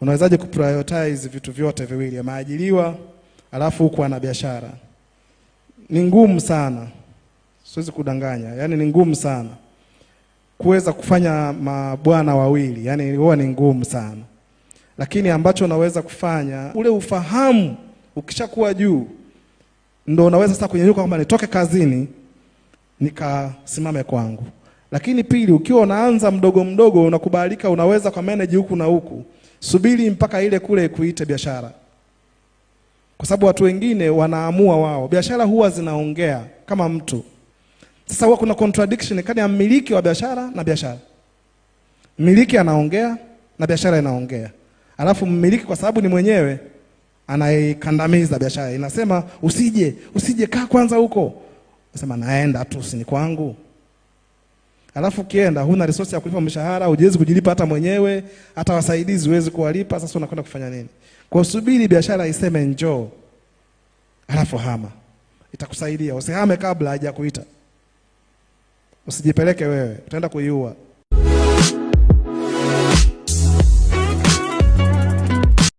Unawezaje kuprioritize vitu vyote viwili, ameajiriwa alafu huku ana biashara? Ni ngumu sana, siwezi kudanganya, yaani ni ngumu sana kuweza kufanya mabwana wawili, yani huwa ni ngumu sana, lakini ambacho unaweza kufanya, ule ufahamu ukishakuwa juu, ndo unaweza sasa kunyanyuka kwamba nitoke kazini nikasimame kwangu. Lakini pili, ukiwa unaanza mdogo mdogo, unakubalika, unaweza kwa manage huku na huku subiri mpaka ile kule kuite biashara, kwa sababu watu wengine wanaamua wao. Biashara huwa zinaongea kama mtu. Sasa huwa kuna contradiction kati ya mmiliki wa biashara na biashara. Mmiliki anaongea na biashara inaongea, alafu mmiliki kwa sababu ni mwenyewe anaikandamiza biashara, inasema usije, usije, kaa kwanza huko, nasema naenda tu, si ni kwangu. Alafu ukienda huna resource ya kulipa mshahara, hujiwezi kujilipa hata mwenyewe, hata wasaidizi huwezi kuwalipa, sasa unakwenda kufanya nini? Kwa subiri biashara iseme njoo. Alafu hama. Itakusaidia. Usihame kabla kuita Usijipeleke wewe. Utaenda kuiua.